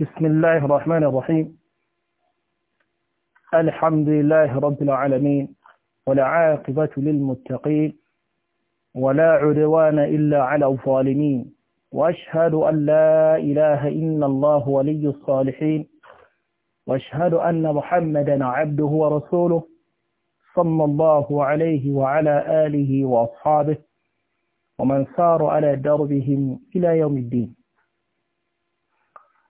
بسم الله الرحمن الرحيم الحمد لله رب العالمين ولا عاقبة للمتقين ولا عدوان إلا على الظالمين وأشهد أن لا إله إلا الله ولي الصالحين وأشهد أن محمدا عبده ورسوله صلى الله عليه وعلى آله وأصحابه ومن سار على دربهم إلى يوم الدين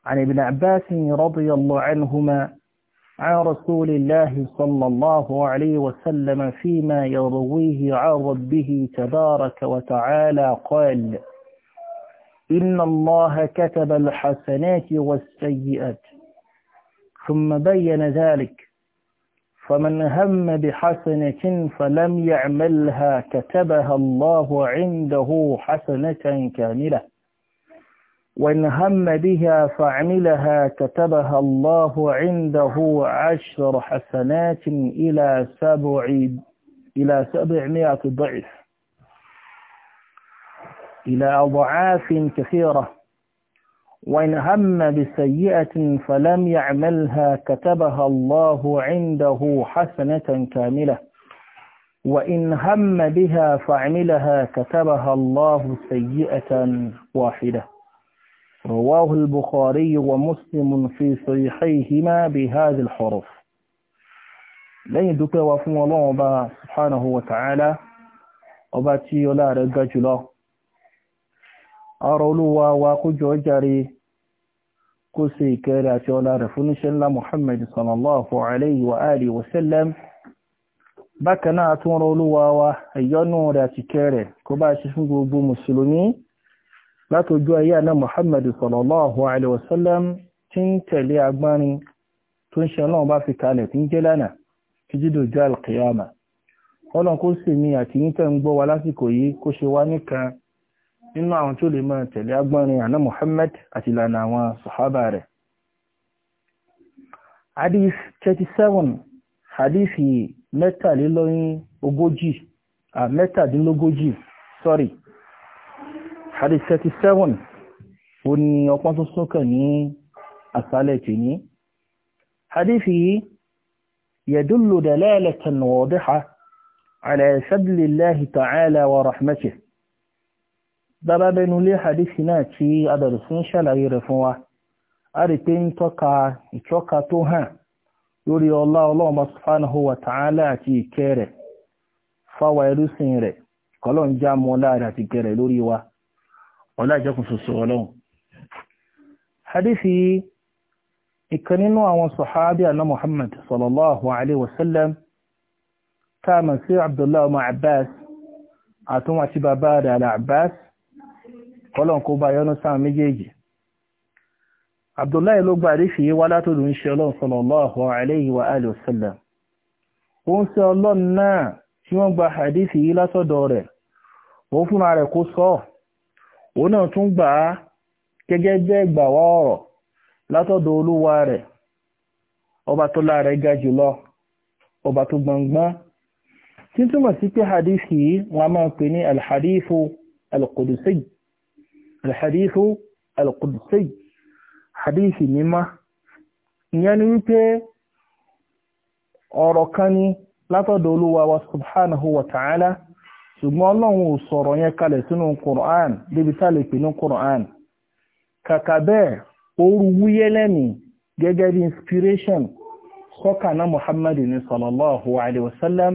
عن ابن عباس رضي الله عنهما عن رسول الله صلى الله عليه وسلم فيما يرويه عن ربه تبارك وتعالى قال إن الله كتب الحسنات والسيئات ثم بين ذلك فمن هم بحسنة فلم يعملها كتبها الله عنده حسنة كاملة وإن هم بها فعملها كتبها الله عنده عشر حسنات إلى سبع إلى سبعمائة ضعف إلى أضعاف كثيرة وإن هم بسيئة فلم يعملها كتبها الله عنده حسنة كاملة وإن هم بها فعملها كتبها الله سيئة واحدة رواه البخاري ومسلم في صحيحيهما بهذه الحروف لين دوبي وفو الله وبا سبحانه وتعالى وبا تيولا رجل أرولوا وقجو جري كسي كيرا تيولا رفنش الله محمد صلى الله عليه وآله وسلم بكنا أتون رولوا ويونو راتي كيرا كباشي فنقو بو látọjú ayé àná Muhammad sallallahu alaihi wasallam tí ń tẹ̀lé agbárin tó ń ṣe ọlọ́run bá fi kalẹ̀ tí ń jẹ́ lánàá títí dòjú alkiyama ọlọ́run kó sì mi àti yín tẹ́ ń gbọ́ wa lásìkò yìí kó ṣe wá nìkan nínú àwọn tó lè máa tẹ̀lé agbárin àná Muhammad àti ìlànà àwọn sàhábà rẹ̀ hadith 37 hadithi hadith 37 ó ní ọpọ́n tó sókàn ní àsálẹ̀ tì ní hadith yìí yadullu dalalatan wadiha ala fadlillahi ta'ala wa rahmatih bàbá bẹnulé hadith náà tí adàrù fún ṣàlàyé rẹ̀ fún wa a rí pé ń tọ́ka ìtọ́ka tó hàn lórí ọlá ọlọ́ọ̀mọ́ subhanahu wa ta'ala àti ìkẹ́ rẹ̀ fáwa ẹrúsìn rẹ̀ kọlọ́n já mọ́ láàrin àti ìkẹ́ rẹ̀ lórí wa ọlá ìjọkùn ṣoṣo ọlọ́run hadithi ìkan nínú àwọn sọ̀hábí àná muhammad sallallahu alaihi wasallam táàmà sí abdullahi ọmọ abbas àtúnwà tí bàbá rẹ̀ alá abbas ọlọ́run kó bá yọ́nú sáà méjèèjì abdullahi ló gbà rífi wá látòdù ń ṣe ọlọ́run sallallahu alaihi wa alihi wasallam ó ń ṣe ọlọ́run náà tí wọ́n gba hadithi yìí látọ̀dọ̀ rẹ̀ ó fúnra rẹ̀ kó sọ́ọ̀ òun náà tún gbà á gẹ́gẹ́ bí ẹgbà wá ọ̀rọ̀ látọ̀dọ̀ olúwa rẹ̀ ọba tó lára ga jùlọ ọba tó gbọngbọ́n tí túmọ̀ sí pé hadith yìí wọ́n a máa pè ní alhadithu alqudusi alhadithu alqudusi ìyẹn ni wípé ọ̀rọ̀ kan ni látọ̀dọ̀ olúwa wa subhanahu wa ta'ala ṣùgbọ́n ọlọ́run ò sọ̀rọ̀ yẹn kalẹ̀ sínú Qur'an débi tá lè pè ní Qur'an kàkà bẹ́ẹ̀ ooru wúyẹ́ lẹ́mì gẹ́gẹ́ bí inspiration sọ́kà náà Muhammadu ní sallallahu alaihi wasallam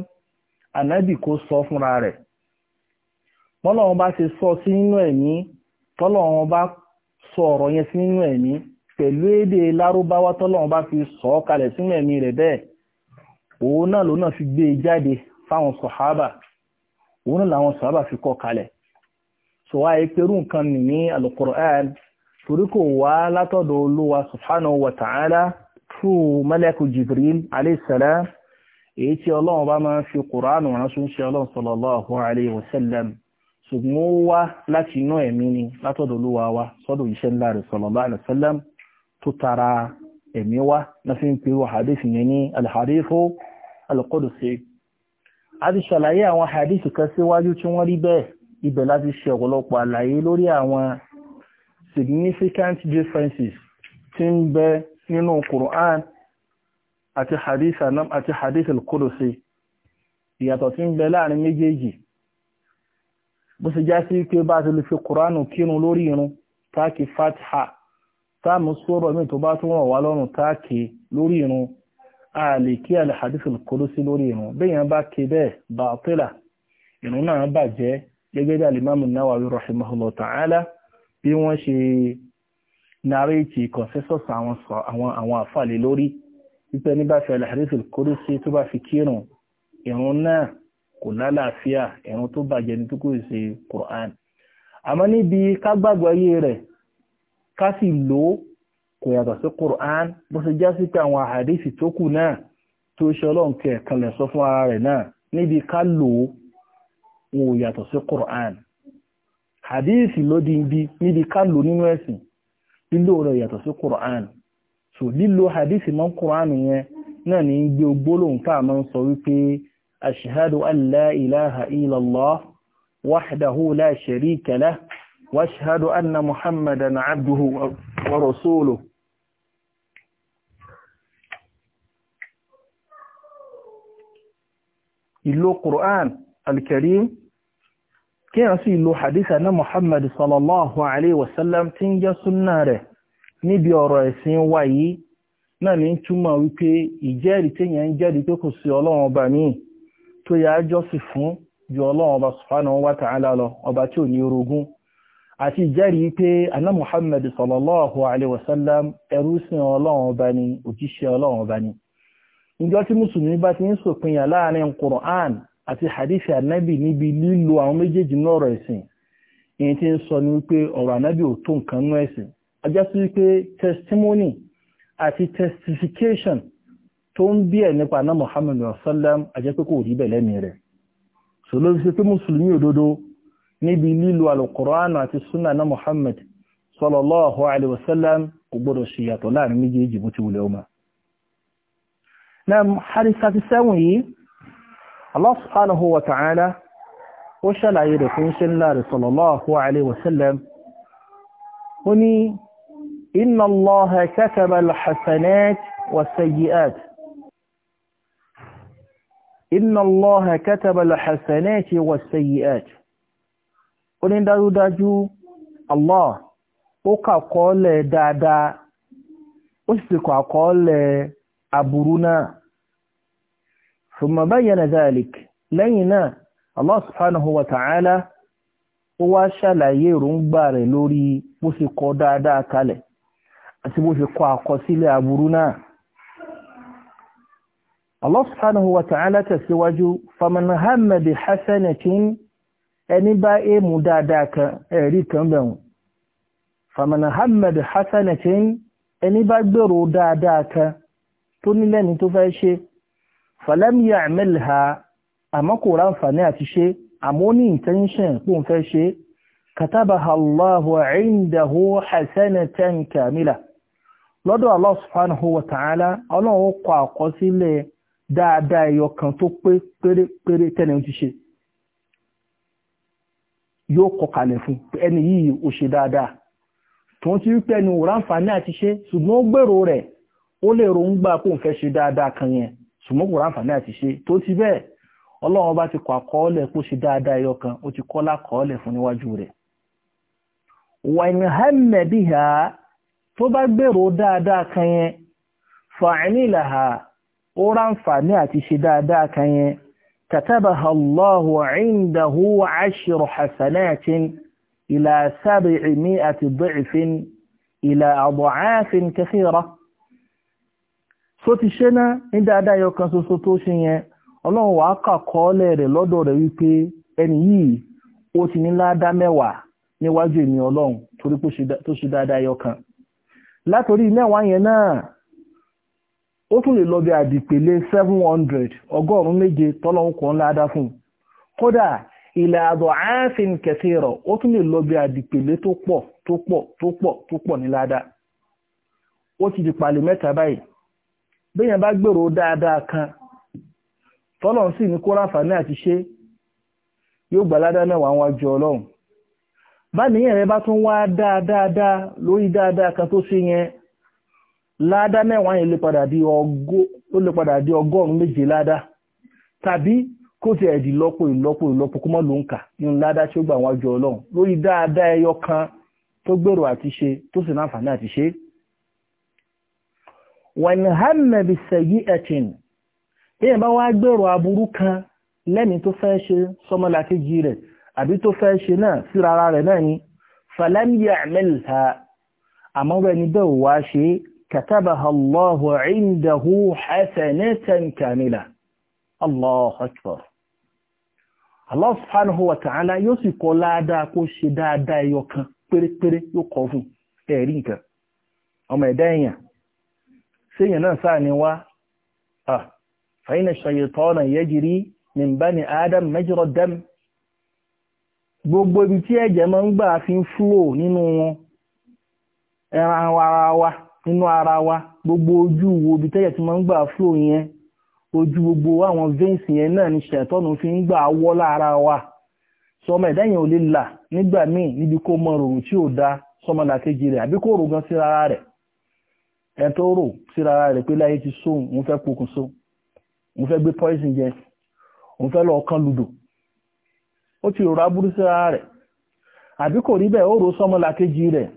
anábì kó sọ fúnra rẹ̀ mọ́lọ́run bá ti sọ sí nínú ẹ̀mí tọ́lọ́run bá sọ ọ̀rọ̀ yẹn sí nínú ẹ̀mí pẹ̀lú èdè lárúbáwá tọ́lọ́run bá fi sọ kalẹ̀ sínú ẹ̀mí rẹ̀ bẹ́ẹ̀ òun náà ló fi gbé e jáde fáwọn sọ̀hábà òun náà làwọn sàábà fi kọ́ kalẹ̀ so wá ìpẹ̀rù nǹkan nìní alukur'an torí kò wá látọ̀dọ̀ olúwa subhanahu wa ta'ala through malaku jibril alayhisalam èyí tí ọlọ́run bá máa ń fi kùránù ránṣún sí ọlọ́run sallallahu alayhi wa sallam ṣùgbọ́n ó wá láti inú ẹ̀mí ni látọ̀dọ̀ na fi ń pè hadith yẹn ní alhadithu alqudusi a ti ṣàlàyé àwọn hadith kan síwájú tí wọ́n rí bẹ́ẹ̀ ibẹ̀ láti ṣe ọ̀pọ̀lọpọ̀ àlàyé lórí àwọn significant differences tí ń bẹ nínú Qur'an àti hadith anam àti hadith al-Qudsi ìyàtọ̀ tí ń bẹ láàrin méjèèjì bó ṣe já sí pé bá ti lè fi Qur'an kírun lórí irun táàkì fatiha táàmù sọ́rọ̀ mi tó bá tún rọ̀ wá lọ́rùn táàkì lórí irun a lè kí alhadith al-qudusi lórí ìrun bẹ́yàn bá ké bẹ́ẹ̀ bàtìlà ìrun náà bàjẹ́ gẹ́gẹ́ bí alimamu nawawi rahimahullah ta'ala bí wọ́n ṣe nàrètì consensus àwọn àwọn àfàlè lórí wípé ní bá fi alhadith al-qudusi tó bá fi kírun ìrun náà kò lálàáfíà ìrun tó bàjẹ́ ní tó kò ṣe Qur'an àmọ́ níbi ká gbàgbọ́ ayé rẹ̀ ká sì lòó kò yàtọ̀ sí Qur'an bó ṣe já sí pé àwọn àhàdísì tó kù náà tó ṣe ọlọ́run kẹ kanlẹ̀ sọ fún ara rẹ̀ náà níbi ká lò ó wọn ò yàtọ̀ sí Qur'an àdísì ló di ibi níbi ká lò nínú ẹ̀sìn lílò rẹ̀ yàtọ̀ sí Qur'an so lílò àdísì mọ́ Qur'an yẹn náà ní gbé gbólóhùn tá a máa sọ wípé ashhadu an la ilaha illallah wahdahu واشهد ان محمدا عبده ورسوله ìlò Qur'an al-Karim kí a sì ìlò hadisa na Muhammad sallallahu alaihi wasallam tí ń jẹ́ súnnà rẹ̀ níbi ọ̀rọ̀ ẹ̀sìn wa yìí náà ní túmọ̀ wípé ìjẹ́rìí tí yẹn ń jẹ́rìí pé kò sí ọlọ́run ọba míì tó yá jọ́sìn fún ju ọlọ́run ọba subhanahu wa ta'ala lọ ọba tí ìjọ tí mùsùlùmí bá ti ń sòpinyà láàrin Qur'an àti hadith anabi níbi lílo àwọn méjèèjì náà ọ̀rọ̀ ẹ̀sìn èyí tí ń sọ ní wípé ọ̀rọ̀ anabi ò tó nǹkan nú ẹ̀sìn ajá sí wípé testimony àti testification tó ń bí ẹ̀ nípa náà Muhammad sallam ajá pé kò rí bẹ́ẹ̀ lẹ́mìí rẹ̀ so ló fi pé mùsùlùmí òdodo níbi lílo alukur'an àti sunna náà Muhammad sallallahu alaihi wasallam kò gbọdọ̀ ṣìyàtọ̀ láàrin méjèèjì bó ti wulẹ̀ ọmọ Nam hadith 37 yìí, Allah subhanahu wa ta'ala, ó ṣàlàyé da fún ṣe ńlá rẹ̀ sallallahu alaihi wasallam, ó ní, Inna Allah kataba al-hasanat wa sayyi'at. Inna Allah kataba al-hasanat wa sayyi'at. Ó ní dájúdájú Allah, ó kà kọ́ọ̀lẹ̀ dáadáa, ó sì kà kọ́ọ̀lẹ̀ aburú náà thumma bayyana dhalik lẹ́yìn náà Allah subhanahu wa ta'ala ó wá ṣàlàyé èròǹgbà rẹ̀ lórí bó ṣe kọ dáadáa kalẹ̀ àti bó ṣe kọ àkọsílẹ̀ aburú náà Allah subhanahu wa ta'ala tẹ̀síwájú, faman hamma hasanatin ẹni bá èmù dáadáa kan ẹ̀rí kan bẹ̀rún. Faman hamma hasanatin ẹni bá gbèrò dáadáa kan tó nílẹ̀ ní tó fẹ́ ṣe falamiya amelha àmọ́ kò ráǹfààní àti ṣe àmọ́ ní intention pò ń fẹ́ ṣe katabaha Allahu indahu hasanatan kamila lọ́dọ̀ Allah subhanahu wa ta'ala ọlọ́run kọ àkọsílẹ̀ dáadáa ẹyọ kan tó pé pérépéré tẹ́lẹ̀ ti ṣe yóò kọ kalẹ̀ fún ẹni yìí ó ṣe dáadáa tó ń ti rí pé ẹni ò àti ṣe ṣùgbọ́n ó gbèrò rẹ̀ ó lè ròǹgbà kó ń fẹ́ ṣe dáadáa kan yẹn ṣùgbọ́n kò ráǹfààní àti ṣe tó ti bẹ́ẹ̀ ọlọ́run bá ti kọ àkọọ́lẹ̀ kó ṣe dáadáa ẹyọ kan ó ti kọ́ lákọọ́lẹ̀ fún níwájú rẹ̀ wàìnhàmẹ̀bíhà tó bá gbèrò dáadáa kan yẹn fàìnílàhà ó ráǹfààní àti ṣe dáadáa kan yẹn katabaha Allahu indahu ashru hasanatin ila sab'i mi'ati dhifin ila ad'afin kathira so ti ṣe ná ní yọ kan ṣoṣo tó ṣe yẹn ọlọ́run wàá kàkọọ́lẹ̀ rẹ̀ lọ́dọ̀ rẹ̀ wípé ẹni yìí ó ti ní ládá mẹ́wàá níwájú èmi ọlọ́run torí tó ṣe dáadáa yọ kan látòrí mẹ́wàá yẹn náà ó tún lè lọ bí àdìpèlé seven hundred ọgọ́rùn-ún méje tọ́lọ́run ládá fún un kódà ilẹ̀ béèyàn bá gbèrò dáadáa kan tọ́lọ̀ sì ní kó ráǹfààní àti ṣe yóò gbà ládá náà àwọn àjọ ọlọ́run bá nìyẹn rẹ bá tún wá dáadáa lórí dáadáa kan tó ṣe yẹn ládá mẹ́wàá yẹn lè padà di ọgọ́rùn-ún méje ládá tàbí kó ti ẹ̀dì lọ́pọ̀ ìlọ́pọ̀ ìlọ́pọ̀ kó mọ́ ló ń kà nínú ládá tí ó gbà àwọn ọlọ́run lórí dáadáa ẹyọ kan tó gbèrò àti ṣe tó sì náà àǹfààní àti ṣe wàníhàmà bí sẹ̀yí ẹ̀tìn èèyàn bá wá gbèrò aburú kan lẹ́ni tó fẹ́ ṣe sọmọlàkejì rẹ̀ àbí tó fẹ́ ṣe náà síra ara rẹ̀ náà ni falamiya amẹ́lìta àmọ́ bẹ́ẹ̀ ni bẹ́ẹ̀ wá ṣe katabaha Allahu indahu hasanatan kamila Allahu akbar Allah subhanahu séèyàn náà sa ni wá fàyínà ṣayẹ̀tọ́ náà yajri min bani adam majra dam gbogbo ibi tí eje máa ń gbà fi ń fúlò n'inu wọn wa gbogbo oju wo ibi tẹ́jẹ̀ tí máa ń gbà fúlò yẹn gbogbo awon veins yẹn ni ṣẹ̀tọ́nù fi ń gbà wọ́ wa sọmọ ẹ̀dá yẹn ò lè là nígbà míì níbi kó da sọmọ làkejì rẹ̀ àbí ẹ tó rò síra rẹ̀ pé láyé ti so òun fẹ́ gbé poison jẹ òun fẹ́ lọ kán ludò ó ti rò aburú síra rẹ̀ àbí kò rí bẹ́ẹ̀ ó rò sọmọlàkejì rẹ̀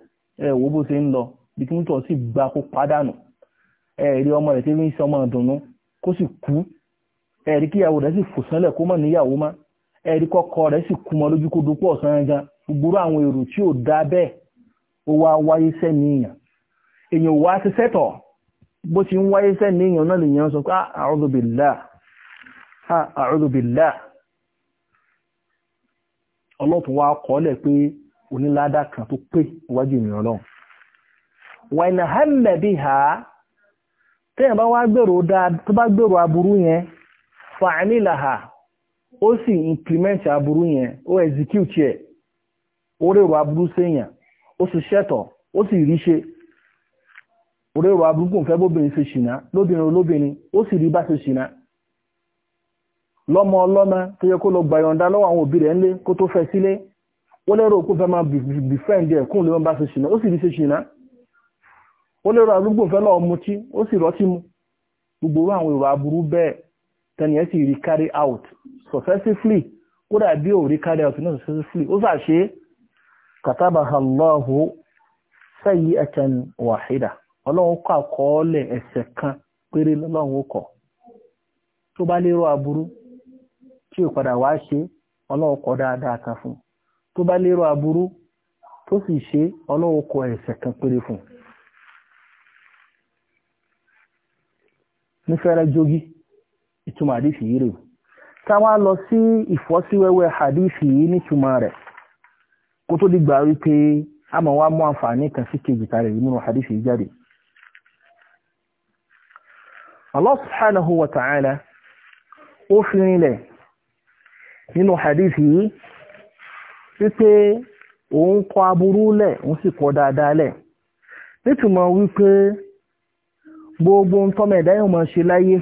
ẹ wò bó ṣe lọ bí kí n tọ́ sí gba kó ẹ rí ọmọ rẹ̀ tí ń sọ ọmọ ìdùnnú kó sì kú ẹ rí rẹ̀ sì fò sánlẹ̀ kó mọ̀ níyàwó má ẹ rí kọ́kọ́ rẹ̀ sì kú lójú kó gbogbo àwọn èrò tí ò dá bẹ́ẹ̀ ó wá wáyé èèyàn wá ti sẹ́tọ̀ bó ti ń wáyé sẹ́ni èèyàn náà lè sọ pé ah, a'udhu billah ọlọ́tún wá kọ́lẹ̀ pé oníládà kan tó pé iwájú wàìnà ha tẹ́yìn bá wá gbèrò tó bá gbèrò aburú yẹn fàánìlà ha ó sì implement aburú yẹn ó execute ẹ̀ ó rèrò aburú séyàn ó sì ṣẹ́tọ̀ ó sì ríṣe òré ìwà burúkú nǹkan bóbìnrin ṣe ṣìnà lóbìnrin olóbìnrin ó sì rí bá ṣe ṣìnà lọ́mọ ọlọ́mọ tó yẹ kó lọ gbàyọ̀ǹda lọ́wọ́ àwọn òbí rẹ̀ ńlé kó tó fẹ́ sílé ó lérò kó fẹ́ máa befriend ẹ̀ kún lóun bá ṣe ṣìnà ó sì rí ṣe ṣìnà ó lérò arúgbó fẹ́ mutí ó sì rọ́tí mu gbogbo àwọn ìwà aburú bẹ́ẹ̀ sì rí carry out ọlọ́run kọ àkọọ́lẹ̀ ẹ̀ṣẹ̀ kan péré lọ́lọ́run kọ̀ tó bá lérò aburú tí ò padà wá ṣe ọlọ́run kọ dáadáa kan fún tó bá lérò aburú tó sì ṣe ọlọ́run kọ ẹ̀ṣẹ̀ kan péré fún jogi ìtumọ̀ àdìsí yìí lọ sí ìfọ́síwẹ́wẹ́ àdìsí yìí nítumọ̀ rẹ̀ kó tó wípé a wá mú kan sí kejì tààrẹ̀ yìí nínú Allah subhanahu wa ta'ala ó fi rinlẹ̀ nínú hadith yìí wípé òun kọ aburú lẹ̀ òun sì kọ dáadáa lẹ̀ nítumọ̀ wípé gbogbo ń tọ́mọ̀ ẹ̀dá yóò máa ṣe láyé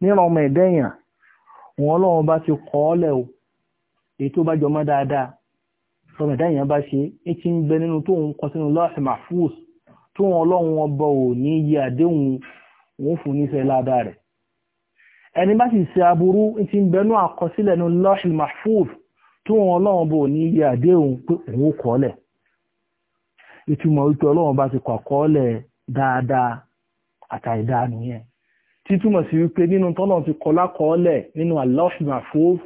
níran ọmọ ẹ̀dá èèyàn òun bá ti kọ́ ọ́ lẹ̀ o bá jọ dáadáa tọ́mọ̀ ẹ̀dá bá ṣe é ti ń bẹ nínú tóun kọ sínú lọ́ọ̀sì mahfuz tóun ọlọ́run ọba ò ní yí àdéhùn wọ́n fún níṣẹ́ ládàá rẹ̀ ẹni bá sì ṣe aburú tí ń bẹnú àkọsílẹ̀ ní lọ́ṣìl mahfuz tí wọn ọlọ́run bò ní iye àdéhùn pé òun kọ́lẹ̀ ìtumọ̀ wípé ọlọ́run bá ti kọ̀ kọ́lẹ̀ dáadáa àtàìdáa nìyẹn títúmọ̀ sí wípé nínú tọ́lọ́run ti kọlá kọ́lẹ̀ nínú àlọ́ṣìl mahfuz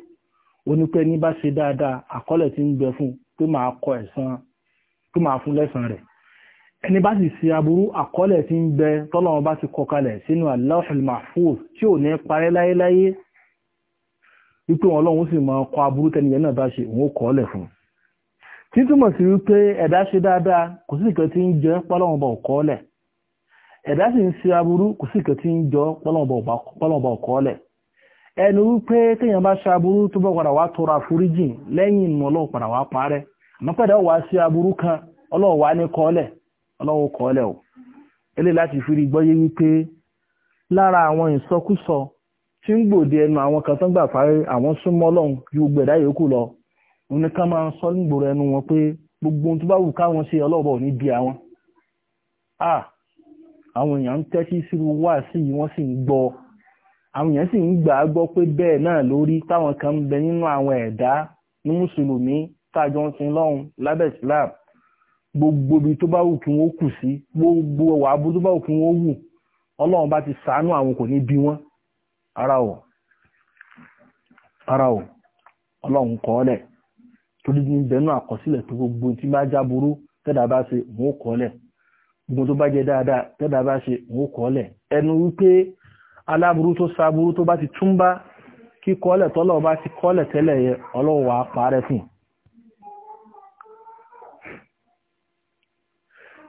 onípẹ́ ní bá ṣe dáadáa àkọlẹ̀ ti ń bẹ fún pé máa kọ ẹ̀san pé máa fún lẹ́san rẹ̀ ẹni bá sì aburu aburú àkọọ́lẹ̀ tí ń bẹ tọ́lọ́wọ́n bá ti kọkalẹ̀ sínú al tí ò ní parẹ́ láyéláyé wípé wọn lọ́wọ́ sì máa kọ aburú tẹ́niyẹ náà bá ṣe òun ó kọọ́lẹ̀ fún títúmọ̀ sí wípé ẹ̀dá ṣe dáadáa kò sí tí ń pọ́lọ́wọ́n bá ẹ̀dá sì ń aburú kò sí tí ń jọ pọ́lọ́wọ́n bá ọlọ́run kọ́ lẹ̀ o eléyìí láti fi rí gbọ́yé wípé lára àwọn ìsọkúsọ tí ń gbòde ẹnu àwọn kan tó ń gbà parí àwọn súnmọ́ ọlọ́run ju gbogbo ẹ̀dá yòókù lọ òun ni ká máa sọ nígboro ẹnu wọn pé gbogbo ohun tó bá wù káwọn ṣe ọlọ́ọ̀bọ̀ ò ní bí àwọn àwọn èèyàn ń tẹ́tí sírú wá sí i wọ́n sì ń gbọ́ àwọn èèyàn sì ń gbà á gbọ́ pé bẹ́ẹ̀ náà lórí táwọn kan ń bẹ nínú àwọn ẹ̀dá ní mùsùlùmí tájọ ń sin lọ́hùn lábẹ́ islam gbogbo ibi tó bá wù kí wọ́n kù sí gbogbo ọwà abú tó bá wù kí wọ́n wù ọlọ́run bá ti sàánú àwọn kò ní bí wọ́n ara ò ara ò ọlọ́run kọ́ ọ́lẹ̀ tó dídí ní bẹ̀ẹ́nù àkọsílẹ̀ tó gbogbo tí bá jáburú tẹ́dà bá ṣe wọ́n kọ́ ọ́lẹ̀ gbogbo tó bá jẹ dáadáa tẹ́dà bá ṣe wọ́n kọ́ ọ́lẹ̀ ẹnu wípé aláburú tó sáburú tó bá ti túmbá kíkọ́ ọ́lẹ̀ tọ́lọ́ bá ti kọ́ ọ́lẹ̀ tẹ́lẹ̀ yẹ ọlọ́run wà parẹ́ fún un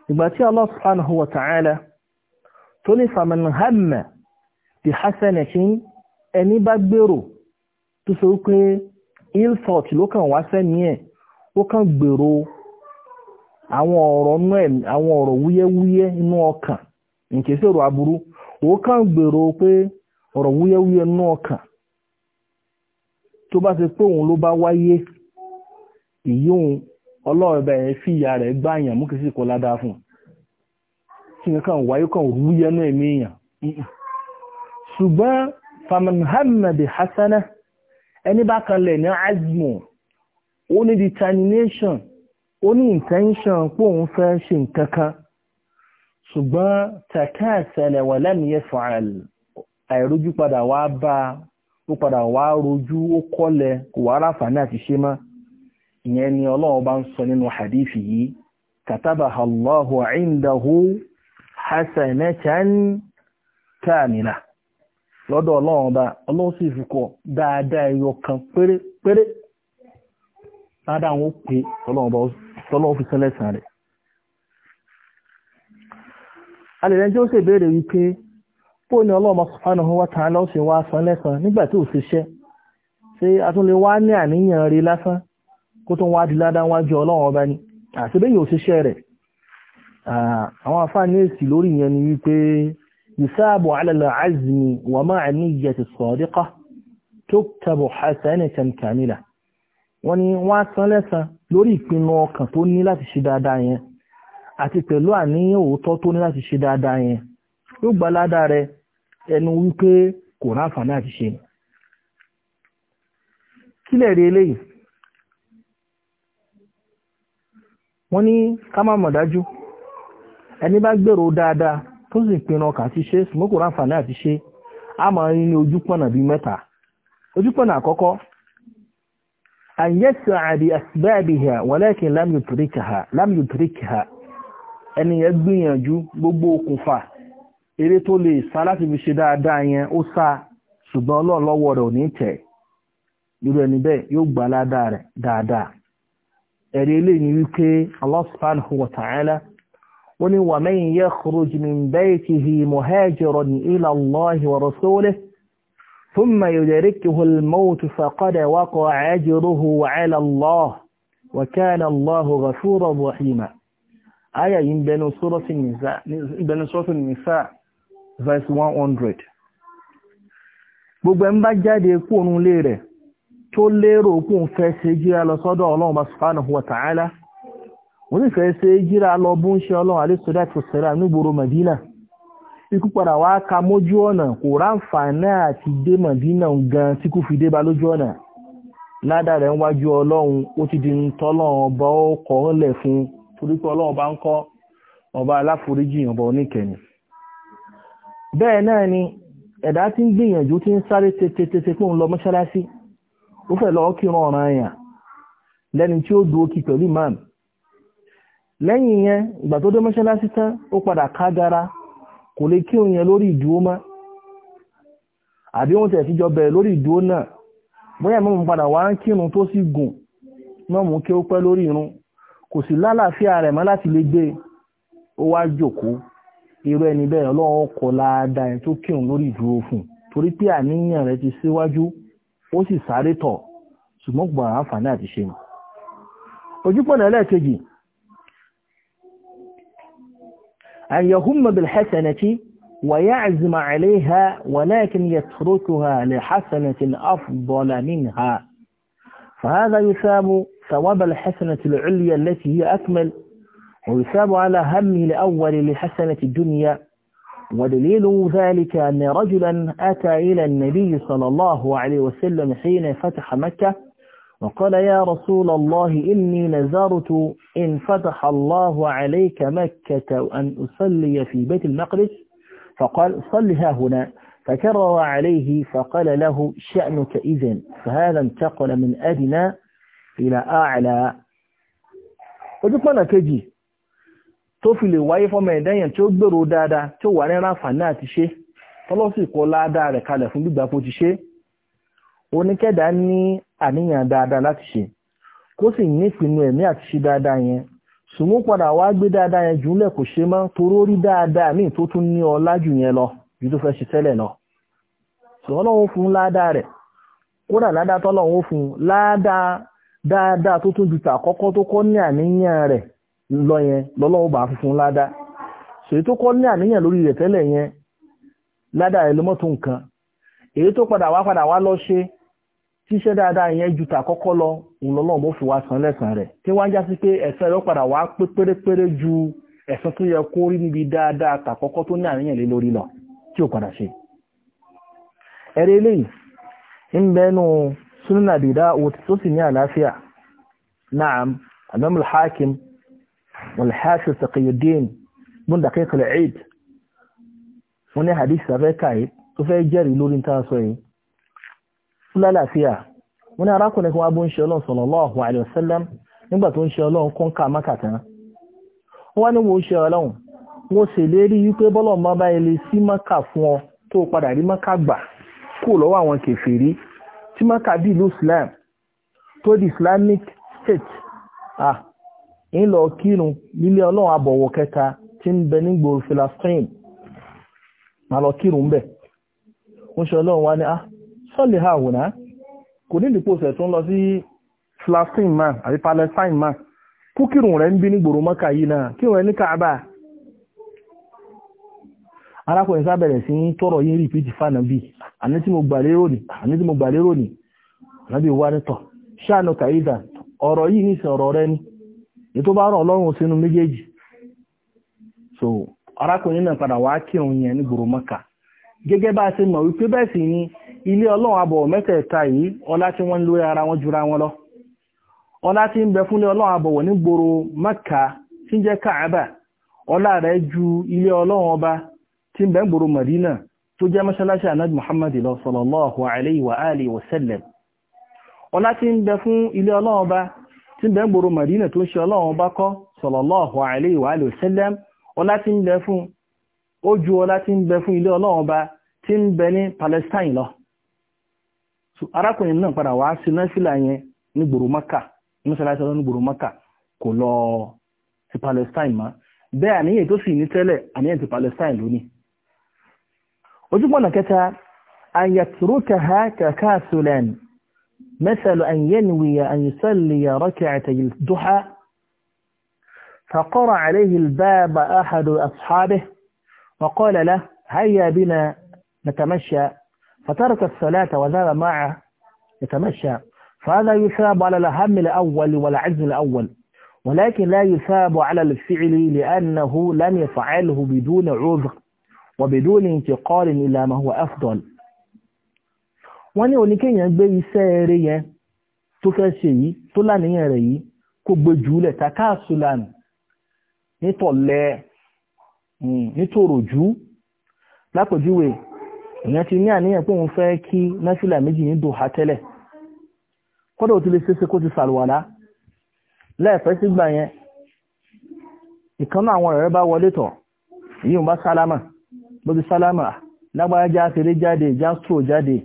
ìgbà tí Allah subhanahu wa ta'ala tó ní faman hamma bi hasanatin ẹni bá gbèrò tó sọ wípé ill thought ló kàn wá sẹ́ni ẹ̀ ó kàn gbèrò àwọn ọ̀rọ̀ wúyẹ́wúyẹ́ inú ọkàn nkèsí ọ̀rọ̀ aburú ó kàn gbèrò pé ọ̀rọ̀ wúyẹ́wúyẹ́ inú ọkàn tó bá ọlọ́run bẹ̀rẹ̀ fi ìyá rẹ̀ gbá èèyàn mú kí sí kó ládàá fún kí n kàn wáyé kàn rú yẹnu ẹ̀mí èèyàn ṣùgbọ́n famanhamad hasana ẹni bá kan lẹ̀ ní azmo ó ní determination ó ní intention pé òun fẹ́ ṣe nǹkan kan ṣùgbọ́n takasala wà lẹ́mìíyẹ fààl àìrójú padà wá bá ó padà wá rojú ó kọ́lẹ̀ kò wá ráfàní àti ṣe máa ìyẹn ni ọlọ́run bá ń sọ nínú hadithi yìí katabaha Allahu indahu hasanatan kamila lọ́dọ̀ ọlọ́run bá ọlọ́run sì fukọ̀ dáadáa ẹyọ kan péré péré ládàá àwọn òpè ọlọ́run fi sẹ́lẹ̀sàn rẹ̀ alẹ́rẹ́ tí ó sì béèrè wípé bó ni ọlọ́run subhanahu wa wá a wá kó tó wá di ládá wájú ọlọ́run ọba ni àti bẹ́yìn òṣìṣẹ́ rẹ̀ àwọn afáàní èsì lórí ìyẹn ni wípé yusabu alala azmi wa ma'a niyyati sadiqa tuktabu hasanatan kamila wọ́n ni wọ́n á san lẹ́san lórí ìpinnu ọkàn tó ní láti ṣe dáadáa tó ní ẹnu wípé kò ráǹfààní àti ṣe kílẹ̀ rí eléyìí wọ́n ní ká mọ̀ dájú ẹni bá gbèrò dáadáa tó sì pinnu ọkà ti ṣe sùmọ́kò ráǹfààní ti ṣe a máa ń ní ojúpọ̀nà bí mẹ́ta ojúpọ̀nà àkọ́kọ́ àyẹ̀sẹ̀ àbí àsìbáàbìhà walakin lámìyùtìríkìhà ẹnìyẹn gbìyànjú gbogbo okùnfà eré tó lè sá láti fi ṣe dáadáa yẹn ó sá ṣùgbọ́n rẹ̀ ò ní tẹ̀ irú ẹni bẹ́ẹ̀ yóò gbà ládàá rẹ̀ ẹ̀rí eléyìí ni wípé Allah subhanahu wa ta'ala wọ́n ní wa man yakhruj min baytihi muhajiran ila Allahi wa rasulihi thumma yudrikuhu al-mawt faqad waqa'a ajruhu 'ala Allah wa 100 gbogbo ẹ̀ ń tó lérò kún fẹ́ ṣe jíra lọ sọ́dọ̀ ọlọ́run bá subhanahu wa ta'ala wọ́n sì fẹ́ ṣe jíra lọ bó ń ṣe ọlọ́run alẹ́sọ̀dá tó sẹ́ra nígboro Madina ikú padà wá ka mójú ọ̀nà kò ráǹfààní àti dé Madina gan tí kú fi dé ba lójú ọ̀nà ládàá rẹ̀ ń wájú ọlọ́run ó ti di ń tọ́lọ́run ọba ó kọ́ fún torí pé ọlọ́run ọba ń kọ́ ọba aláforíjì ọba oníkẹ̀yìn bẹ́ẹ̀ náà ni ẹ̀dá tí ń gbìyànjú tí ń sáré tètè tètè pé òun lọ mọ́ṣáláṣí ó fẹ́ lọ kírun ọ̀ràn àyàn tí ó dúró kí pẹ̀lú imam lẹ́yìn yẹn ìgbà tó dé mọ́ṣáláṣí ó padà gara kò lè kírun yẹn lórí ìdúró mọ́ àbí wọ́n tẹ̀ síjọ bẹ̀rẹ̀ lórí ìdúró náà bóyá mọ́mú padà wá ń kírun tó sì gùn mọ́mú kí ó pẹ́ lórí irun kò sì lálàáfíà rẹ̀ mọ́ láti lè gbé ó wá irú ẹni bẹ́ẹ̀ ọlọ́run láadáa tó kírun lórí ìdúró fún torí pé ti síwájú. ó sì sáré tọ̀ ṣùgbọ́n gbọ́n àǹfààní àti ṣe mọ̀ ojúpọ̀nà ẹlẹ́ẹ̀kejì àyẹ̀húnmọ̀ bilhassanati wà yá àzìmà ha wà láàkín yẹ ha lè hassanati afdọ́là minha فهذا يثاب ثواب الحسنة العليا التي هي أكمل ويثاب على همه الأول لحسنة الدنيا ودليل ذلك أن رجلا أتى إلى النبي صلى الله عليه وسلم حين فتح مكة وقال يا رسول الله إني نذرت إن فتح الله عليك مكة أن أصلي في بيت المقدس فقال صلها هنا فكرر عليه فقال له شأنك إذن فهذا انتقل من أدنى إلى أعلى وجدنا كجي tó fi lè wáyé fọ́mọ ẹ̀dẹ́yàn tí ó gbèrò dáadáa tí ó wà ní ráǹfààní àti ṣe tọ́lọ́sì kọ́ ládàá rẹ̀ kalẹ̀ fún gbígbà fún ti ṣe oníkẹ́dà ní àníyàn dáadáa láti ṣe kó sì ní ẹ̀mí àti ṣe dáadáa yẹn sùnmú padà wá gbé dáadáa yẹn jùlẹ̀ kò ṣe mọ́ rí dáadáa míì tó tún ní yẹn lọ ju tó fẹ́ ṣe tẹ́lẹ̀ lọ tọ́lọ́run fún ládàá lọ yẹn lọ́lọ́wọ́ bá fún ládá ṣe tó kọ́ ní àníyàn lórí rẹ̀ tẹ́lẹ̀ yẹn ládá rẹ̀ ló nǹkan èyí tó padà wá padà wá lọ ṣe dáadáa yẹn ju tàkọ́kọ́ lọ ìlọ́lọ́wọ́ bó fi wá san rẹ̀ tí wọ́n já sí pé rẹ̀ padà wá pé pérépéré ju tó yẹ kó rí níbi dáadáa tó ní àníyàn lé lórí lọ tí ò padà ṣe ẹ̀rẹ́ eléyìí ń alhaṣu sakiyudin bun daqiq al-eid wọ́n ní hadith sàfẹ́ káyé tó fẹ́ jẹ́rìí lórí ta sọ yìí fúlálàfíà wọ́n ní arákùnrin kan wá bó ń ṣe ọlọ́run sallallahu alaihi wasallam nígbà tó ń ṣe ọlọ́run kún ká mákàtà wọ́n ní wọ́n ṣe ọlọ́run wọ́n sì lérí wípé bọ́lọ̀ má bá ilé sí mọ́kà fún ọ tó padà rí mọ́kà gbà kú lọ́wọ́ àwọn kèfèrí tí mọ́kà bí ìlú islam tó di islamic state ah ń lọ nílé ọlọ́run abọ̀wọ̀ kẹta tí ń bẹ ma lọ kírun bẹ̀ ń ọlọ́run wá ní ah, sọ́lẹ̀ ha kò ní ìdìpọ̀ ṣẹ̀ tó ń lọ sí man àti palestine man kú kírun rẹ̀ ń bí nígboro mọ́kà yìí náà kírun rẹ̀ ní kaaba arákùnrin sábẹ̀rẹ̀ sí ń tọrọ yín rí pìtì fànàbí àní tí mo gbà lérò ní àní tí mo gbà lérò ní ní tó bá rọ̀ ọlọ́run sínú so arákùnrin náà padà wá kírun yẹn ní gbòòrò mọ́kà a se mọ̀ wípé bẹ́ẹ̀ ni ile ọlọ́run abọ̀ mẹ́tẹ̀ẹ̀ta yi ọlá ti ara wọn jura wọn lọ ọlá ti ń bẹ fúnlé ọlọ́run ọlọ́run ọba tí ń bẹ ń je mọ̀dínà tó jẹ́ muhammad sallallahu wa alihi wa sallam fún ọlọ́run ọba tí bẹ́ gbòrò Madina tó ń ṣe ọlọ́run bá kọ́ sallallahu alaihi wa alihi ọlá fún ojú ọlá tí ń bẹ fún ilé ọlọ́run bá tí ń bẹ ní Palestine lọ arákùnrin náà padà wá sí Maka mọ́sálásí ọlọ́run gbòrò Maka kò lọ sí Palestine mọ́ bẹ́ẹ̀ àníyàn tó sì ní tẹ́lẹ̀ àníyàn ti Palestine lónìí ojúbọ̀nà kẹta مثل أن ينوي أن يصلي ركعتي الضحى فقرأ عليه الباب أحد أصحابه وقال له هيا بنا نتمشى فترك الصلاة وذهب معه يتمشى فهذا يثاب على الهم الأول والعزم الأول ولكن لا يثاب على الفعل لأنه لم يفعله بدون عذر وبدون انتقال إلى ما هو أفضل wọ́n ní oníkéèyàn gbé iṣẹ́ eré yẹn tó fẹ́ ṣe yìí tó láníyàn rẹ̀ yìí kó gbé jùúlẹ̀ takáàsùlàn nítọ̀lẹ̀ hmm, nítòròjú lápòjúwe èèyàn ti ní àníyàn pé òun fẹ́ kí náfìlà méjì ní dùhà tẹ́lẹ̀ kódà ó ti lè ṣeéṣe kó ti sàlùwàlá lẹ́ẹ̀fẹ́ sígbà yẹn ìkànnà àwọn ọ̀rẹ́ bá wọlé tọ̀ èyí ò bá sálámà bó ti sálámà lágbára já fèrè jáde já stroh jáde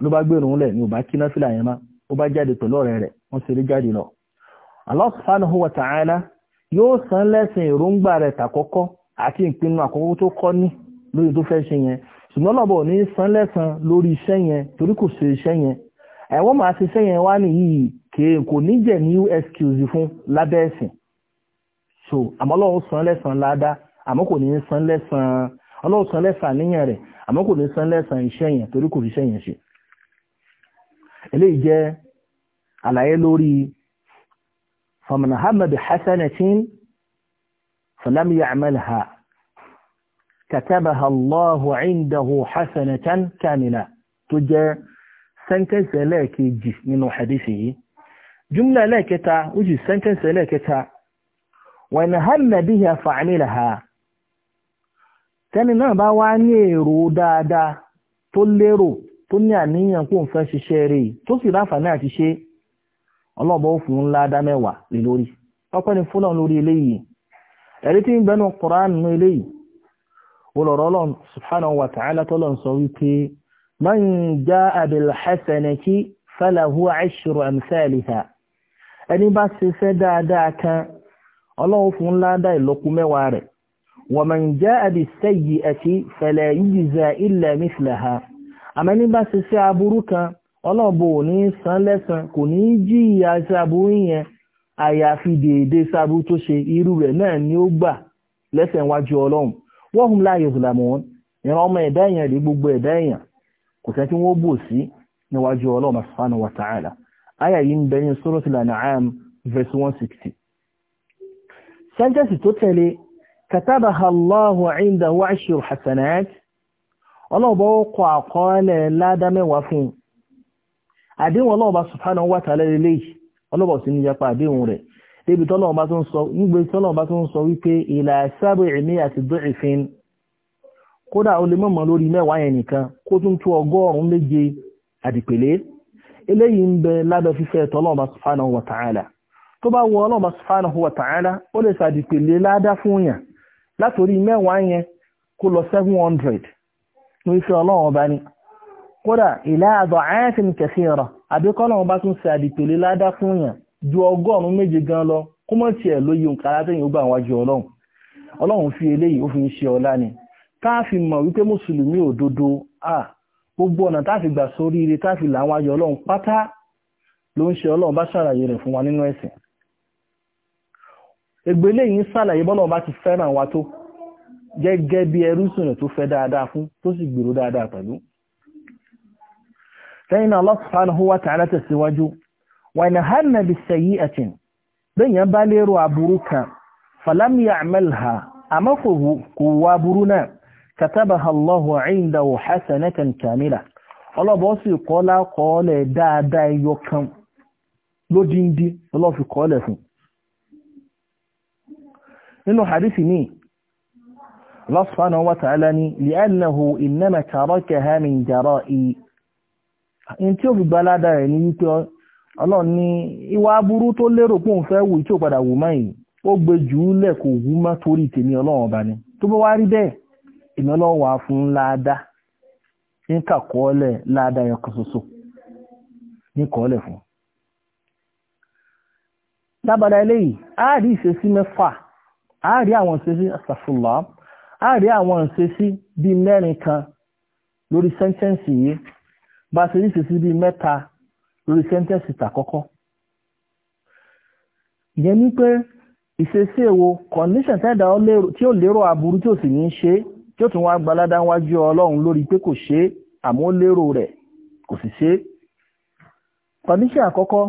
ló bá gbèrò ńlẹ̀ ni ò bá kí náfìlà yẹn má ó bá jáde pẹ̀lú ọ̀rẹ́ rẹ̀ wọ́n ṣeré jáde lọ. Allah subhanahu wa ta'ala yóò san lẹ́sìn èròǹgbà rẹ̀ tàkọ́kọ́ àti ìpinnu àkọ́kọ́ tó kọ́ ní lórí tó fẹ́ ṣe yẹn ṣùgbọ́n lọ́bọ̀ ní san lẹ́sàn lórí iṣẹ́ yẹn torí kò ṣe iṣẹ́ yẹn ẹ̀wọ́n máa ṣe iṣẹ́ yẹn wá nìyí kò ní jẹ́ ní excuse fún lábẹ́ ẹ̀sìn so àmọ́ Ọlọ́run san lẹ́sàn ládá àmọ́ kò ní san lẹ́sàn Ọlọ́run san lẹ́sàn àníyàn san lẹ́sàn iṣẹ́ yẹn torí kò ríṣẹ́ yẹn ṣe eléyìí jẹ́ àlàyé lórí faman hamma bi hasanatin falam ya'malha katabaha Allahu 'indahu hasanatan kamila tó jẹ́ sẹ́ńtẹ́ǹsì ẹlẹ́ẹ̀kejì nínú hadisi yìí jumla ẹlẹ́ẹ̀kẹta ó sì sẹ́ńtẹ́ǹsì ẹlẹ́ẹ̀kẹta wa in hamma biha fa'amilaha náà bá wá ní èrò dáadáa tó lérò tó ní àníyàn kó n fẹ́ ṣiṣẹ́ rẹ̀ tó sì ráǹfààní àti ṣe ọlọ́ọ̀bọ̀ òfin ńlá dá mẹ́wàá lè lórí ọpẹ́ ni fúlọ̀ lórí eléyìí ẹ̀rí tí ń bẹnu Kùránì nínú eléyìí olọ̀rọ̀ ọlọ́run subhanahu wa ta'ala tọ́lọ̀ ń sọ wípé man jaa bil hasanati falahu ashru amthaliha ẹni bá ṣiṣẹ́ dáadáa kan ọlọ́run fún ńlá dá ìlọ́kù mẹ́wàá rẹ̀ wa man jaa bis sayyi'ati fala yujza illa mithlaha àmọ́ ní bá ṣiṣẹ́ aburú kan ọlọ́ọ̀bù ò ní san ji kò ní jí ìyà a aburú yẹn àyàfi dèédé sáburú tó ṣe irú rẹ̀ náà ni ó gbà lẹ́sẹ̀ wájú ọlọ́run wọ́n hùn láàyè ìlàmọ̀ọ́n ìran ọmọ ẹ̀dá èèyàn gbogbo ẹ̀dá èèyàn kò sẹ́ tí wọ́n bò sí níwájú ọlọ́run subhanahu wa ta'ala yìí ń bẹ ní 160 sẹ́ńtẹ́sì tó tẹ̀lé ọlọ́ọ̀bọ̀ ó kọ àkọọ́lẹ̀ ládámẹ́wàá fún un àdéhùn ọlọ́ọ̀bá subhanahu wa ta'ala lélẹ́yìí ọlọ́ọ̀bọ̀ sí ní yapa àdéhùn rẹ̀ débi tọ́lọ́ọ̀bá tó ń sọ nígbè tọ́lọ́ọ̀bá tó ń sọ wípé ìlà sábẹ̀ ìní àti dọ́ìfin kódà ó lè mọ̀mọ́ lórí mẹ́wàá yẹn nìkan kó tún tó ọgọ́rùn-ún méje àdìpèlé eléyìí ń bẹ lábẹ́ fífẹ́ tọ́lọ́ọ̀bá fún iṣẹ́ ọlọ́run ọba ni kódà ìlà àdọ̀ àyànfin kẹsí ẹ̀rọ àbíkọ́ lọ́wọ́ bá tún ṣe àdìpèlé ládá fún yàn ju ọgọ́rùn-ún méje gan lọ kó mọ̀ tiẹ̀ lóye nǹkan alátẹ̀yìn ó gbà wájú ọlọ́run ni táàfi mọ̀ wípé mùsùlùmí òdodo à gbogbo ọ̀nà táàfi gbà sórí ire táàfi làwọn ayọ̀ ọlọ́run pátá ló ń ṣe ọlọ́run bá ṣàlàyé rẹ̀ fún wa nínú ẹ̀sìn gẹ́gẹ́ bí ẹrú sùnà tó fẹ́ dáadáa fún tó sì gbèrò dáadáa pẹ̀lú lẹ́yìn Allah subhanahu wa ta'ala tẹ̀síwájú wà ní hànà bí sẹ́yí ẹ̀tìn bẹ́yàn bá lérò aburú kan falam ya'malha àmọ́ kò wá burú náà katabaha Allahu 'indahu hasanatan kamila ọlọ́bọ̀ sì kọ́lá kọ́ọ̀lẹ̀ dáadáa ẹyọ kan lódíndí ọlọ́fi kọ́ọ̀lẹ̀ fún nínú hadisi ni Allah subhanahu ala ni li'annahu innama tarakaha min jara'i in tí ó fi gbalada rẹ̀ ní wípé ọlọ́run ní ìwà aburú tó lérò pé òun fẹ́ wù tí ó padà wù mọ́ yìí ó gbé jù ú lẹ̀ tó rí bẹ́ẹ̀ ní kàkọ́ọ́lẹ̀ láàdá a a rí àwọn ìṣesí bíi mẹ́rin kan lórí sẹ́ńtẹ́ǹsì yìí bá a ṣe rí ìṣesí bíi mẹ́ta lórí sẹ́ńtẹ́ǹsì tàkọ́kọ́ ìyẹn ní pé ìṣesí èwo condition tẹ́ẹ̀dá tí ó lérò aburú tí ò sì ní ṣe tí ó tún wá gbalada wájú ọlọ́run lórí pé kò ṣe é àmọ́ ó lérò rẹ̀ kò sì ṣe é condition àkọ́kọ́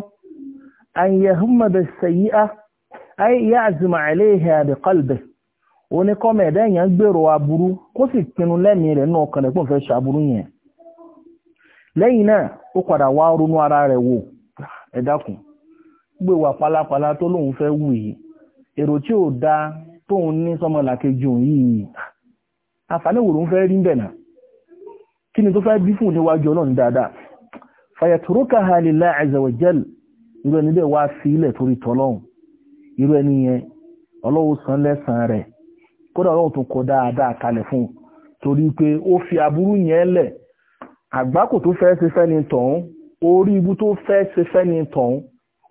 an yahumma bis sayyi'a ay oníkọ́mọ̀ ẹ̀dá èèyàn gbèrò aburú kó sì pinnu lẹ́mìí rẹ̀ nínú ọkàn rẹ̀ fẹ́ ṣàbúrú yẹn lẹ́yìn náà ó padà wá ronú ara rẹ̀ wò ẹ gbé wà pálapàla tó lóun fẹ́ wù yìí èrò tí ò da tóun ní sọmọ làkejì òun yìí àǹfààní wo lòun fẹ́ rí bẹ̀ náà kí ni tó fẹ́ bí fún níwájú ọlọ́run dáadáa fayatrukaha wa jal irú ẹni bẹ́ẹ̀ wá sí ilẹ̀ torí ẹni kódà ọlọ́run tó kọ dáadáa kalẹ̀ fún un torí pé ó fi aburú yẹn lẹ̀ àgbákò tó fẹ́ ṣe fẹ́ni tọ̀hún orí ibú tó fẹ́ ṣe fẹ́ni tọ̀hún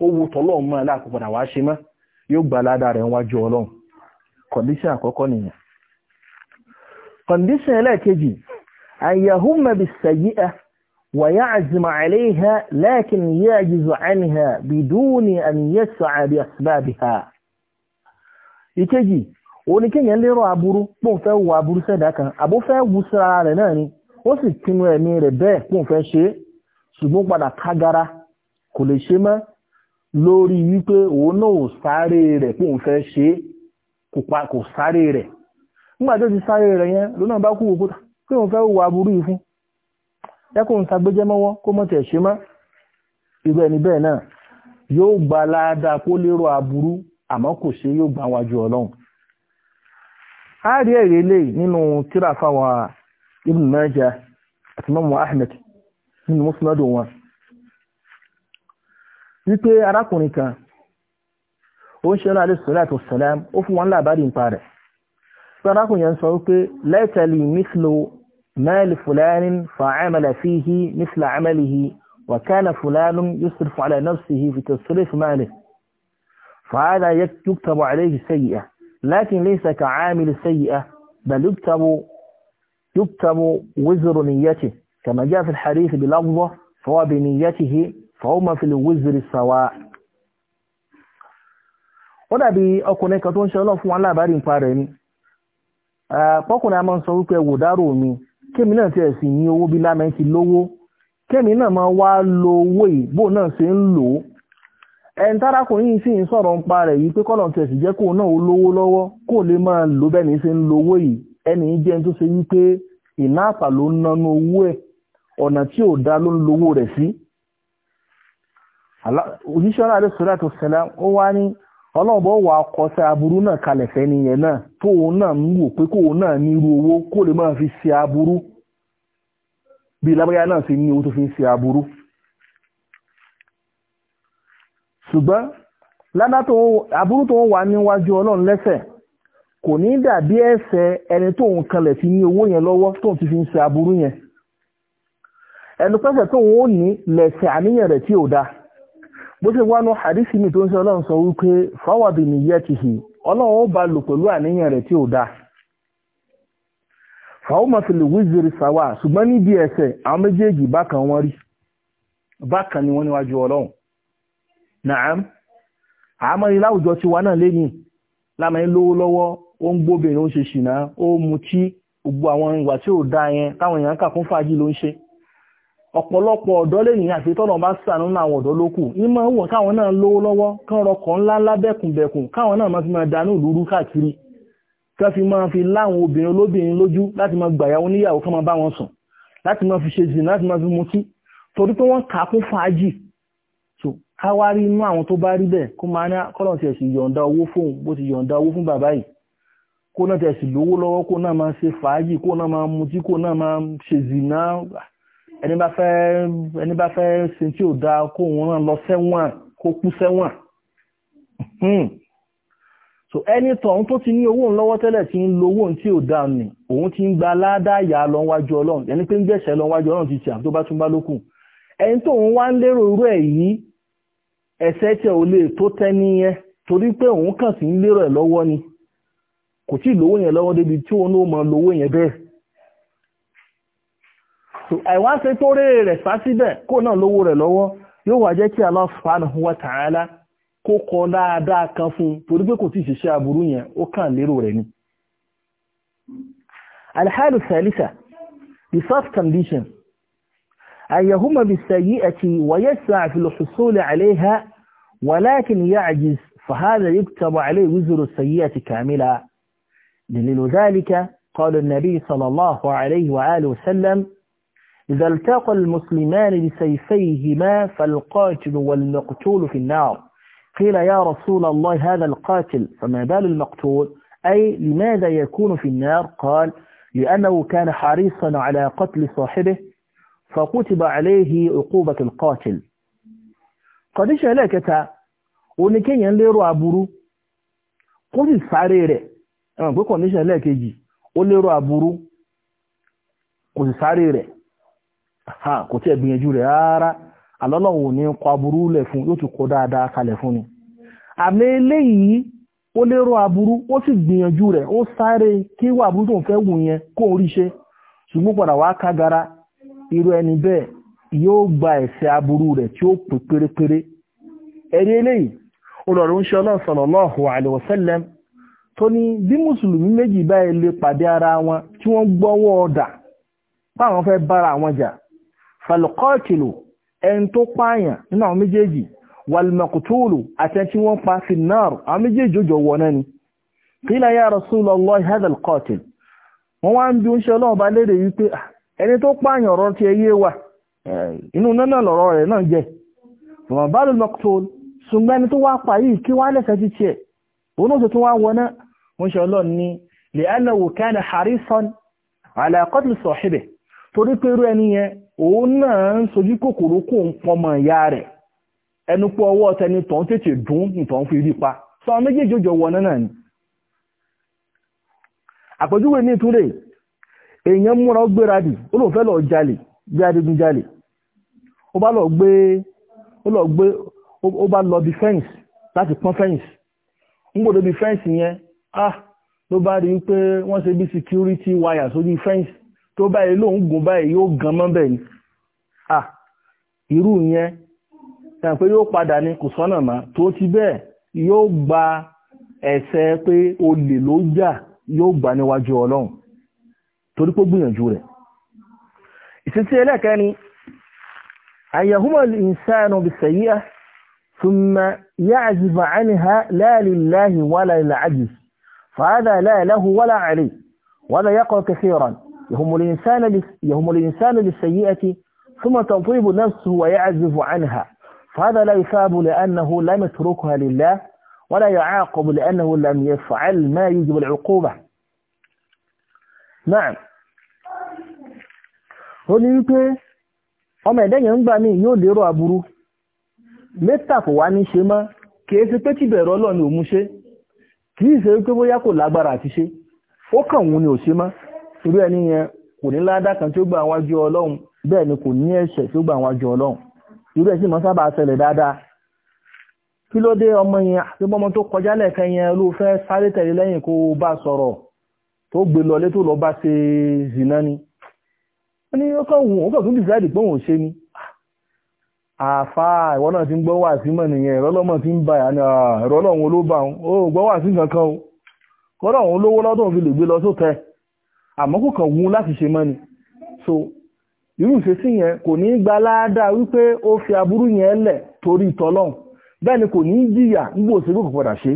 ó wo tọ́lọ́run mọ́ aláàkó padà wá ṣe mọ́ yóò gbà ládàá rẹ̀ wájú ọlọ́run kọ̀ndíṣàn àkọ́kọ́ nìyẹn kọ̀ndíṣàn ẹlẹ́ẹ̀kejì àyàhùnmọ̀ bí sẹ̀yí ẹ̀ ويعزم عليها لكن يعجز عنها بدون أن يسعى بأسبابها ìkejì ó ní kéèyàn lérò aburú pòun fẹ́ wo aburú sẹ́dá kan àbó fẹ́ wu síra rẹ̀ náà ni ó sì pinnu ẹ̀mí rẹ̀ bẹ́ẹ̀ pòun fẹ́ ṣe é ṣùgbọ́n padà kágara kò lè ṣe mọ́ lórí wípé òun náà ò sáré rẹ̀ pòun fẹ́ ṣe é kò sáré rẹ̀ nígbà tó ti sáré rẹ̀ yẹn lónà bá kú òkúta pé òun fẹ́ wo aburú yìí fún ẹkùn ń sagbéjẹ́ mọ́wọ́ kó mọ́ tẹ̀ ṣe mọ́ irú ẹni bẹ́ẹ̀ náà yóò gba aládàá kó lérò aburú àmọ́ kò ṣe yóò gbà wájú ọlọ́run هذه هي اللي منو ترى فوا ابن ماجه اتمم احمد من مسند و يته اراكوني كان اون شلا عليه الصلاه والسلام اوفو الله بعدين بارا فراكو ين سوكي ليس لي مثل مال فلان فعمل فيه مثل عمله وكان فلان يصرف على نفسه في تصريف ماله فهذا يكتب عليه سيئه لكن ليس كعامل السيئة بل يكتب يكتب وزر نيته كما جاء في الحديث بلفظه فهو بنيته فهما في الوزر سواء ó dàbí ọkùnrin kan tó ń ṣe ọlọ́ fún wọn lábárí nípa rẹ̀ ni pọ́kùnrin a máa ń sọ wípé wò dárò mi kémi náà tiẹ̀ sì ní owó bí lámẹ́ ti lówó kémi náà máa wá lo owó yìí náà ṣe ń lò ẹn tárakùnrin sì ń sọ̀rọ̀ ń pa rẹ̀ yìí pé jẹ́ kó náà lówó lọ́wọ́ kó lè máa lò bẹ́ẹ̀ ní ṣe ń lówó yìí ẹni jẹ́ tó ṣe wípé ìná àpà ló ń nánú owó ẹ̀ ọ̀nà tí ò dá ló ń lówó rẹ̀ sí. òjíṣẹ́ náà lẹ́sọ̀rọ̀ àti ṣẹlẹ̀ ó wá ní ọlọ́ọ̀bọ̀ wà kọsẹ̀ aburú náà kalẹ̀ fẹ́ni yẹn náà tó náà ń wò pé kóun náà ní irú fi ṣùgbọ́n ládá tó aburú tó ń wà níwájú ọlọ́run lẹ́sẹ̀ kò ní dàbí ẹ̀ṣẹ̀ ẹni tó ń kanlẹ̀ sí ní owó yẹn lọ́wọ́ tó ti fi ń ṣe aburú yẹn ẹnu pẹ́sẹ̀ tó ń ó ní lẹ̀ṣẹ̀ àníyàn rẹ̀ tí ò bó ṣe wá nu mi tó ń ṣe ọlọ́run sọ wípé fáwọ́dì nìyẹ́ ti hì ọlọ́run ó ba lò pẹ̀lú àníyàn rẹ̀ tí ò dáa fàwọn mọ̀fìlì wíìzìrì sàwà ṣùgbọ́n níbi ẹ̀ṣẹ̀ àwọn méjèèjì bákan wọn rí bákan ni wọ́n níwájú ọlọ́run nàám àmọ́ ní láwùjọ tiwa náà lẹ́yìn láàmà ń lówó lọ́wọ́ ó ń gbóbìnrin ó ń ṣe ṣìnà ó ń mutí gbogbo àwọn ìwà tí ò dáa yẹn táwọn èèyàn kà fún fàájì ló ń ṣe ọ̀pọ̀lọpọ̀ ọ̀dọ́ lè ní àfitọ́nà bá sànú àwọn ọ̀dọ́ ló kù ní máa ń wọ̀ káwọn náà lówó lọ́wọ́ kán rọkọ̀ ńlá ńlá bẹ́kùnbẹ̀kùn káwọn náà máa fi máa dànù lúrú káàkiri kán fi máa fi láwọn obìnrin olóbìnrin lójú láti máa gbàyàwó níyàwó kán máa bá wọn sùn láti máa fi ṣe jìn láti máa fi mutí torí pé wọ́n kà kún fàájì ká wá rí inú àwọn tó bá rí bẹ́ẹ̀ kó máa ní kọ́lọ̀ tiẹ̀ sì yọ̀ǹda owó fóun bó ti yọ̀ǹda owó fún bàbá yìí kó náà tiẹ̀ sì lówó lọ́wọ́ kó náà máa ṣe fàájì kó náà máa mutí kó náà máa ṣe zìnà ẹni bá fẹ́ ẹni bá fẹ́ ṣe tí ò dáa kó òun náà lọ sẹ́wọ̀n kó kú sẹ́wọ̀n hmm. so ẹni tọ̀hún tó ti ní owó ńlọ́wọ́ tẹ́lẹ̀ tí ń lo owó tí ò dáa nì òun ti ń gba ládàáyà lọ wájú ọlọ́run ẹni pé ń gbẹ̀ṣẹ̀ lọ ọlọ́run ti ṣe àti lókun ẹni tóun wá ń lérò irú yìí ẹ̀ṣẹ̀ tí ò lè tó tẹ́ nìyẹn torí pé òun kàn sí lérò ẹ̀ lọ́wọ́ ni kò tí ì lówó yẹn lọ́wọ́ débi tí òun ó máa lówó yẹn bẹ́ẹ̀ àìwá ṣe tó rè rẹ̀ fásíbẹ̀ kó náà lówó rẹ̀ lọ́wọ́ yóò wá jẹ́ kí Allah subhanahu wa ta'ala kó kọ dáadáa kan fún un torí pé kò tí ì aburú yẹn ó kàn lérò rẹ̀ ni. alhadu salisa the first condition an yahuma bi sayyi'ati wayesa yas'a fi al-husul ولكن يعجز فهذا يكتب عليه وزر السيئة كاملة دليل ذلك قال النبي صلى الله عليه وآله وسلم إذا التقى المسلمان بسيفيهما فالقاتل والمقتول في النار قيل يا رسول الله هذا القاتل فما بال المقتول أي لماذا يكون في النار قال لأنه كان حريصا على قتل صاحبه فكتب عليه عقوبة القاتل قد شلكت ó ní kéèyàn lérò aburú kó sì sáré rẹ̀ ẹ̀wọ̀n pé condition lẹ́ẹ̀kejì ó lérò aburú kò sì sáré rẹ̀ kò tí ẹ̀ gbìyànjú rẹ̀ rárá àlọ́lọ́wò ní kọ aburú lẹ̀ fún yóò kọ dáadáa kalẹ̀ fún ni àmì eléyìí ó lérò aburú ó sì gbìyànjú rẹ̀ ó sáré kí wà aburú tó ń fẹ́ wù yẹn kó ń ríṣe ṣùgbọ́n padà irú ẹni bẹ́ẹ̀ yóò gba aburú rẹ̀ tí ó olọ̀rọ̀ ń ṣe ọlọ́run sallallahu alaihi wasallam tó ní bí mùsùlùmí méjì báyìí lè pàdé ara wọn tí wọ́n gbọ́wọ́ ọ̀dà báwọn fẹ́ bára àwọn jà falqatilu ẹni tó pààyàn nínú àwọn méjèèjì walmaqtulu àti ẹni tí wọ́n pa fi náàrù àwọn méjèèjì òjò wọ̀ náà ni qila ya Rasulullah hadha alqatil wọ́n wá ń bí oúnṣẹ́ ọlọ́run ṣùgbọ́n ẹni tó wá pa yìí kí wá lẹ́sẹ̀ ti tiẹ̀ òun náà tó wá wọná wọ́n ṣe ọlọ́run ní lè ẹ́nàwò kana harisan ala qatl sahibihi torí pé irú ẹni yẹn òun náà ń sojú kòkòrò kò ń pọmọ ìyá rẹ̀ ẹnu pọ̀ ọwọ́ tẹni tọ́n tètè dún nìtọ́n fi rí pa sọ méjèèjì òjò wọná náà ni àpèjúwe ní ìtúrè èèyàn múra ó gbéradì ó lòun fẹ́ lọ jalè bí adigun ó bá lọ gbé ó lọ gbé ó bá lọ bí fẹ́ǹsì láti pọ́n fẹ́ǹsì ń gbọ́dọ̀ bí fẹ́ǹsì yẹn ah ló bá rí pé wọ́n ṣe bí security wire sórí fẹ́ǹsì tó báyìí lóun gùn báyìí yóò gan mọ́ bẹ́ẹ̀ ni ah irú yẹn tàn pé yóò padà ní kò sọ́nà má tó ti bẹ́ẹ̀ yóò gba ẹ̀ṣẹ̀ pé olè ló jà yóò gbà níwájú ọlọ́run torí pé gbìyànjú rẹ̀ ìsìtì ẹlẹ́kẹ́ni àyẹ̀húmọ̀ ìsẹ́nu bìsẹ̀yíà ثم يعزف عنها لا لله ولا للعجز فهذا لا له ولا عليه وهذا يقرا كثيرا يهم الإنسان, يهم الإنسان للسيئة ثم تطيب نفسه ويعزف عنها فهذا لا يثاب لأنه لم يتركها لله ولا يعاقب لأنه لم يفعل ما يجب العقوبة نعم ó وما wípé ọmọ ẹ̀dẹ́yìn ń gbà yóò lérò aburú mẹ́ta kò wá ní ṣe mọ́ kìí ṣe pé tìbẹ̀rù ọlọ́run ni òun ṣe kìí ṣe pé bóyá kò lágbára àti ṣe ó kàn òun ni ò ṣe mọ́ irú ẹni yẹn kò ní ládá kan tí ó gbà wájú ọlọ́run bẹ́ẹ̀ ni kò ní ẹ̀ṣẹ̀ tí ó gbà wájú ọlọ́run irú ẹ̀ sì mọ́ sábà ṣẹlẹ̀ dáadáa kí ló dé ọmọ yẹn tí ọmọ tó kọjá lẹ́ẹ̀kan yẹn ló fẹ́ sáré tẹ̀lé lẹ́yìn kó bá sọ̀rọ̀ tó gbé lọlé tó lọ bá ṣe zìnà ni ó ní ó kàn wù ó kàn tún dìsáìdì pé òun ò ṣe ni àfá ìwọ náà ti ń gbọ́ wà sí mọ̀ nìyẹn ti ń bà yà ní ẹ̀rọ ló bá wọn ó gbọ́ wà sí kankan o kọ́dọ̀ òun lówó lọ́dún fi lè gbé lọ sóòtẹ́ àmọ́ kò kàn wún láti ṣe mọ́ni so irú ìṣesí yẹn kò ní gba láàdá wípé ó fi aburú yẹn lẹ̀ torí tọlọ́hun bẹ́ẹ̀ ni kò ní jìyà nígbò sí kò padà ṣe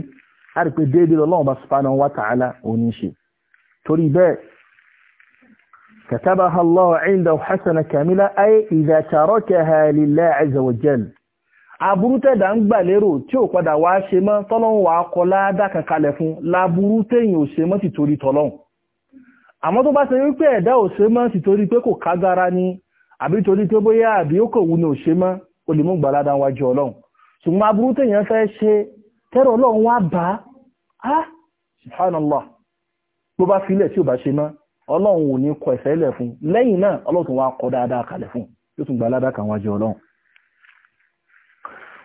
á rí pé déédéé lọ́lọ́run bá كتبها الله عنده حسنة كاملة أي إذا تركها لله عز وجل aburú tẹ̀dá ń gbà lérò tí ò padà wá ṣe mọ́ tọ́lọ́hún wàá kọ ládàá kan kalẹ̀ fún laburú téèyàn ò ṣe mọ́ sì torí tọ́lọ́hún àmọ́ tó bá ṣe wípé ẹ̀dá ò ṣe mọ́ sì torí pé kò kágara ni àbí torí pé bóyá àbí ó kò wù ní ò ṣe mọ́ ó lè mú gbàládà wájú ọlọ́run ṣùgbọ́n aburú téèyàn fẹ́ ṣe tẹ́rọ ọlọ́run wá bá á subhanallah bó bá filẹ̀ tí ò bá ṣe mọ́ ọlọ́run ò ní kọ ẹ̀sẹ̀ ilẹ̀ fún lẹ́yìn náà ọlọ́run tó wá kọ dáadáa kalẹ̀ fún yóò tún gba aládàá kan wájú ọlọ́run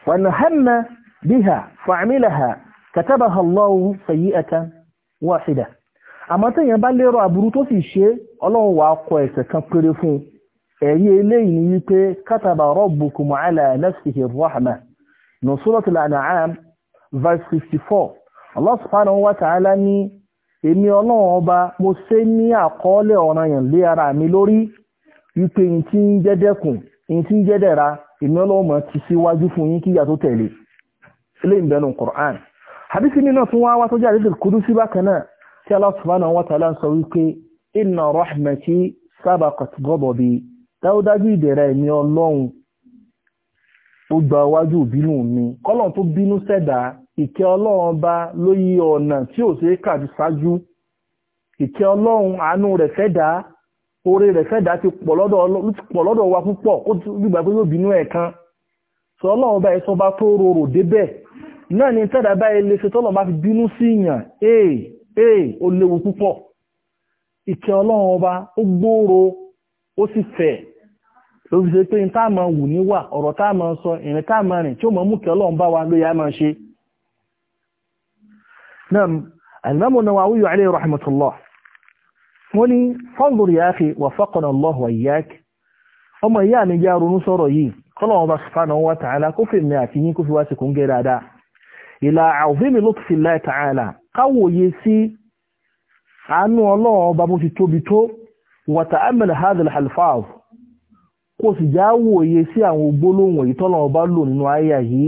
wọ̀nà hàmà bíhà fàmílàhà kàtàbàhà lọ́wọ́ fẹ̀yí ẹ̀ta wà sídà àmọ́ tẹ̀yàn bá lérò aburú tó sì ṣe ọlọ́run wá kọ ẹ̀sẹ̀ kan péré fún ẹ̀rí eléyìí ni wípé kàtàbà rabbukum ala nafsihi rahma nù suratul verse 54 Allah subhanahu wa ta'ala ni èmi ọlọ́run ọba mo ṣe ní àkọọ́lẹ̀ ọ̀ranyàn lé ara mi lórí wípé n ti ń jẹ́dẹ́kùn ti ń jẹ́dẹ̀ra ọlọ́run mọ̀ ti fún yín kíyà tó tẹ̀lé eléyìí bẹnu Qur'an hadisi mi náà tún wá wá kudu sí bákan náà tí Allah ń sọ wípé dáúdájú èmi ọlọ́run ó gba ìkẹ́ ọlọ́run ọba ló yí ọ̀nà tí ò ṣeé kà ti ṣáájú ìkẹ́ ọlọ́run àánú rẹ̀ fẹ́dá oore rẹ̀ fẹ́dá ti pọ̀ lọ́dọ̀ wa púpọ̀ ó ti gbígbà pé yóò bínú ẹ̀ kan sọ ọlọ́run ọba ẹ̀sọ́ bá tó rorò débẹ̀ náà ni tẹ́dà báyìí lè ṣe tọ́lọ̀ bá fi bínú sí ìyàn ee ee ó léwu púpọ̀ ìkẹ́ ọlọ́run ọba ó gbòòrò ó sì fẹ̀ ló fi ṣe pé ní táàmù wù níwà ọ̀rọ̀ táàmù sọ ìrìn táàmù rìn tí ó mọ̀ mú kẹ́ ọlọ́run bá wa ló yá máa ṣe نعم الإمام النووي عليه رحمة الله ولي فانظر يا أخي وفقنا الله وإياك ọmọ ìyá mi já ronú sọ̀rọ̀ yìí kọ́lọ̀wọ́n bá subhanahu wa ta'ala kó fi mi àti yín kó fi wá sí kún gẹ́ dáadáa ìlà àwòfíìmì lutfillahi ta'ala káwòye sí àánú ọlọ́run ọba bó ti tóbi tó wa ta'ammal hadhihi al-alfaz kó sì já wòye sí àwọn gbólóhùn èyí tọ́lọ́run ọba lò nínú àyà yìí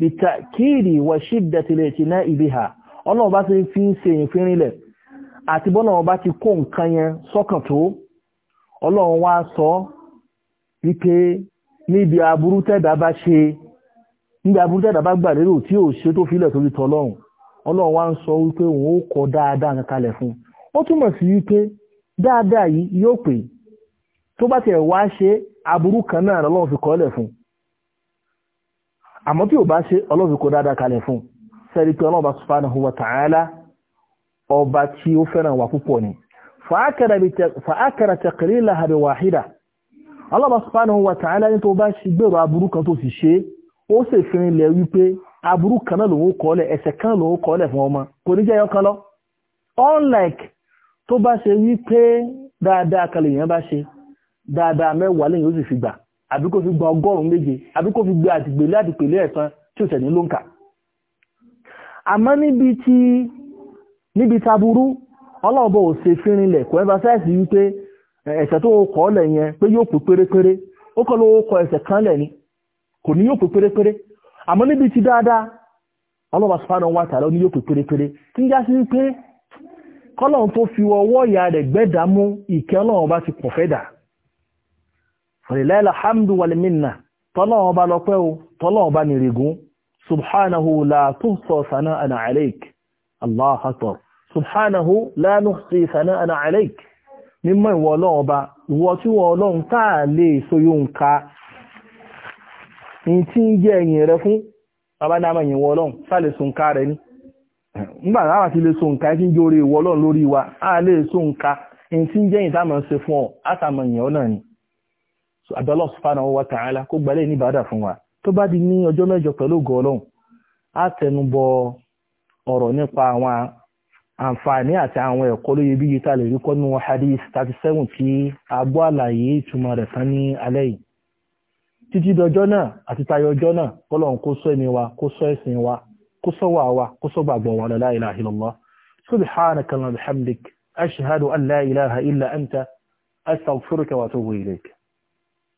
bitakiri wa shiddati na ibe biha ọlọ́run bá ti fi ń ṣe èyàn fi rinlẹ̀ àti bá ti kó nǹkan yẹn sọ́kàn tó sọ wípé níbi aburú tẹ́dà bá ṣe níbi aburú tẹ́dà bá gbà lérò tí ò sọ wípé òun ó kọ dáadáa nǹkan kalẹ̀ fún ó túmọ̀ sí wípé dáadáa yìí yóò pè tó bá wá ṣe aburú kan náà fi àmọ́ tí ò bá ṣe ọlọ́run kò dáadáa kalẹ̀ fún sẹ́rí pé ọlọ́run bá subhanahu wa ta'ala ọba tí ó fẹ́ràn wà púpọ̀ ni fa'ákàrà tẹ̀kẹ̀rẹ́ láhàbẹ̀ wàhídà ọlọ́run bá subhanahu wa ta'ala ní tó bá ṣe gbèrò aburú kan tó sì ṣe ó sì fi wípé aburú kan náà unlike tó bá ṣe wípé dáadáa kalẹ̀ yẹn bá ṣe dáadáa àbí kó fi gba ọgọ́rùn-ún méje àbí kó fi gba àdìgbèlé àdìgbèlé ẹ̀sán tí ò tẹ̀lé ló ń kà àmọ́ níbi tí níbi taburú ọlọ́ọ̀bọ̀ ò ṣe fínrinlẹ̀ kò emphasize wípé ẹ̀sẹ̀ tó kọ́ lẹ̀ yẹn pé yóò pè pérépéré ó kọ́ kọ kan lẹ̀ ni kò ní yóò pè pérépéré àmọ́ níbi tí dáadáa ọlọ́ọ̀bà subhanahu wa ta'ala ní yóò pè pérépéré tí ń wípé fi ọwọ́ ìyá rẹ̀ gbẹ́dàá mú ìkẹ́ ti pọ̀ falilahi alhamdu wal minna tọ́lọ́wọ́n bá lọ́pẹ́ o tọ́lọ́wọ́n bá nìrìgún subhanahu la tuhsa sana'an alayk allah akbar subhanahu la nuhsi sana'an alayk mímọ́ ìwọ ọlọ́run ọba ìwọ tí wọ ọlọ́run táà lè sóyó nǹka ní tí ń jẹ́ ẹ̀yìn rẹ fún bàbá lè so àbẹ́lọ́ subhanahu wa ta'ala kó gbalẹ̀ ní ìbádà fún wa tó bá di ní ọjọ́ mẹ́jọ pẹ̀lú ògo ọlọ́run á tẹnubọ ọ̀rọ̀ nípa àwọn àǹfààní àti àwọn ẹ̀kọ́ lóye bí yíta lè rí kọ́nú hadith 37 tí a àlàyé ìtumọ̀ rẹ̀ tán ní alẹ́ yìí títí dọjọ́ náà àti tayọ ọjọ́ náà kọ́lọ́n kó sọ ẹ̀mí wa kó sọ ẹ̀sìn wa kó sọ wà wa kó sọ gbàgbọ́ wa la ilaha illallah subhanaka wa bihamdik ashhadu an la ilaha illa anta astaghfiruka wa atubu ilayk